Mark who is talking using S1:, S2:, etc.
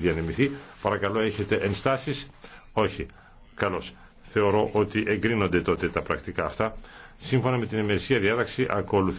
S1: διανεμηθεί. Παρακαλώ, έχετε ενστάσεις. Όχι. Καλώ. Θεωρώ ότι εγκρίνονται τότε τα πρακτικά αυτά. Σύμφωνα με την ημερησία διάταξη ακολουθεί.